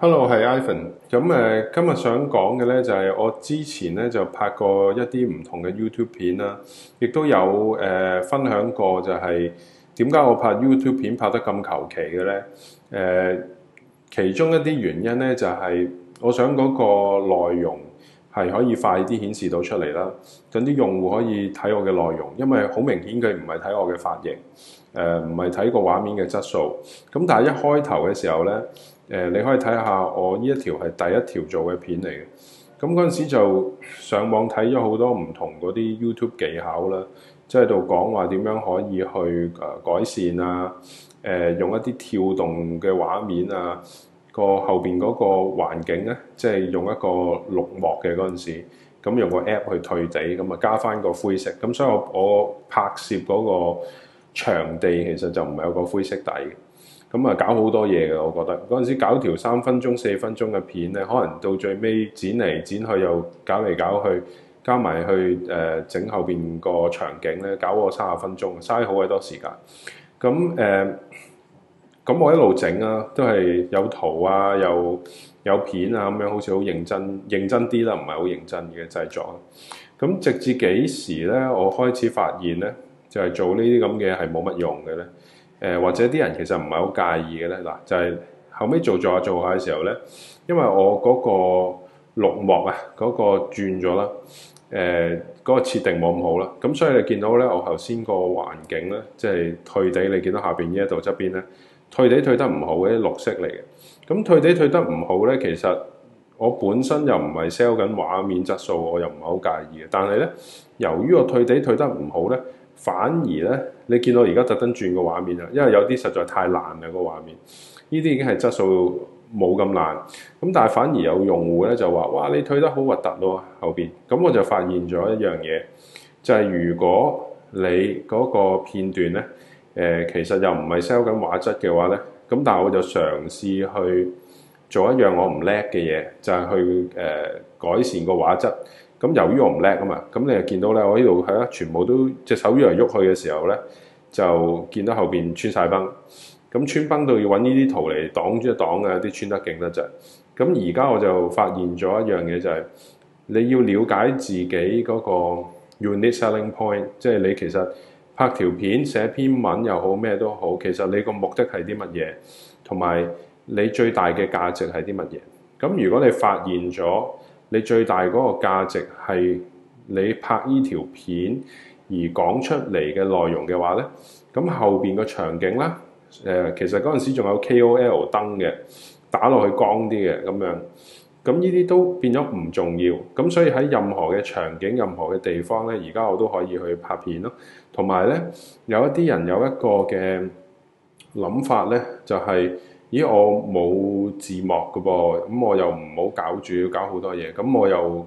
Hello，係 Ivan。咁誒，今日想講嘅咧就係我之前咧就拍過一啲唔同嘅 YouTube 片啦，亦都有誒分享過就係點解我拍 YouTube 片拍得咁求其嘅咧？誒，其中一啲原因咧就係我想嗰個內容係可以快啲顯示到出嚟啦，咁啲用戶可以睇我嘅內容，因為好明顯佢唔係睇我嘅髮型，誒唔係睇個畫面嘅質素。咁但係一開頭嘅時候咧，誒、呃、你可以睇下我呢一條係第一條做嘅片嚟嘅，咁嗰陣時就上網睇咗好多唔同嗰啲 YouTube 技巧啦，即係度講話點樣可以去誒改善啊，誒、呃、用一啲跳動嘅畫面啊。個後邊嗰個環境咧，即係用一個綠幕嘅嗰陣時，咁用個 app 去退地，咁啊加翻個灰色，咁所以我我拍攝嗰個場地其實就唔係有個灰色底嘅，咁啊搞好多嘢嘅，我覺得嗰陣時搞條三分鐘四分鐘嘅片咧，可能到最尾剪嚟剪去又搞嚟搞去，加埋去誒、呃、整後邊個場景咧，搞我三十分鐘，嘥好鬼多時間，咁誒。呃咁我一路整啊，都係有圖啊，有有片啊，咁樣好似好認真，認真啲啦，唔係好認真嘅製作。咁直至幾時咧，我開始發現咧，就係做呢啲咁嘅係冇乜用嘅咧。誒，或者啲人其實唔係好介意嘅咧。嗱，就係後尾做做下做下嘅時候咧，因為我嗰個綠幕啊，嗰個轉咗啦，誒，嗰個設定冇咁好啦，咁所以你見到咧，我頭先個環境咧，即係退地，你見到下邊呢一度側邊咧。退地退得唔好嘅啲綠色嚟嘅，咁退地退得唔好咧，其實我本身又唔係 sell 緊畫面質素，我又唔係好介意嘅。但係咧，由於我退地退得唔好咧，反而咧，你見到而家特登轉個畫面啊，因為有啲實在太爛啦個畫面，呢啲已經係質素冇咁爛，咁但係反而有用戶咧就話，哇，你退得好核突咯後邊。咁我就發現咗一樣嘢，就係如果你嗰個片段咧。誒、呃、其實又唔係 sell 緊畫質嘅話咧，咁但係我就嘗試去做一樣我唔叻嘅嘢，就係、是、去誒、呃、改善個畫質。咁、嗯、由於我唔叻啊嘛，咁、嗯、你又見到咧，我呢度係啦，全部都隻手喐嚟喐去嘅時候咧，就見到後邊穿晒崩。咁、嗯、穿崩到要搵呢啲圖嚟擋住一擋嘅，啲、啊、穿得勁得滯。咁而家我就發現咗一樣嘢就係、是，你要了解自己嗰個 unit selling point，即係你其實。拍條片寫篇文又好咩都好，其實你個目的係啲乜嘢？同埋你最大嘅價值係啲乜嘢？咁如果你發現咗你最大嗰個價值係你拍依條片而講出嚟嘅內容嘅話咧，咁後邊個場景咧，誒、呃、其實嗰陣時仲有 KOL 燈嘅打落去光啲嘅咁樣。咁呢啲都變咗唔重要，咁所以喺任何嘅場景、任何嘅地方咧，而家我都可以去拍片咯。同埋咧，有一啲人有一個嘅諗法咧，就係：咦，我冇字幕㗎噃，咁我又唔好搞住要搞好多嘢，咁我又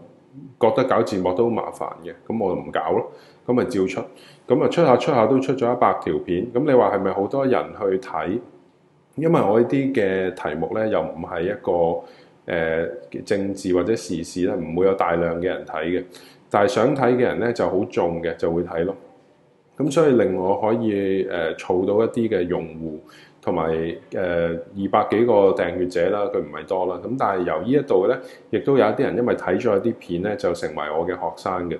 覺得搞字幕都好麻煩嘅，咁我就唔搞咯。咁咪照出，咁啊出，出下出下都出咗一百條片。咁你話係咪好多人去睇？因為我呢啲嘅題目咧，又唔係一個。誒政治或者時事咧，唔會有大量嘅人睇嘅，但係想睇嘅人咧就好重嘅，就會睇咯。咁所以令我可以誒儲、呃、到一啲嘅用戶，同埋誒二百幾個訂閱者啦，佢唔係多啦。咁但係由呢一度咧，亦都有一啲人因為睇咗一啲片咧，就成為我嘅學生嘅。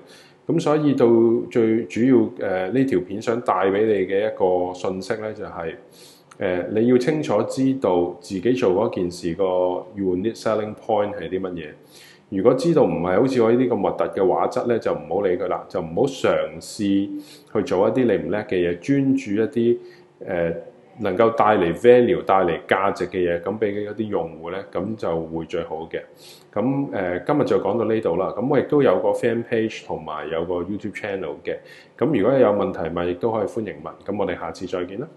咁所以到最主要誒呢、呃、條片想帶俾你嘅一個信息咧，就係、是。誒，你要清楚知道自己做嗰件事個 unique selling point 係啲乜嘢。如果知道唔係好似我呢啲咁核突嘅畫質咧，就唔好理佢啦，就唔好嘗試去做一啲你唔叻嘅嘢，專注一啲誒、呃、能夠帶嚟 value、帶嚟價值嘅嘢，咁俾一啲用戶咧，咁就會最好嘅。咁誒、呃，今日就講到呢度啦。咁我亦都有個 fan page 同埋有個 YouTube channel 嘅。咁如果有問題咪亦都可以歡迎問。咁我哋下次再見啦。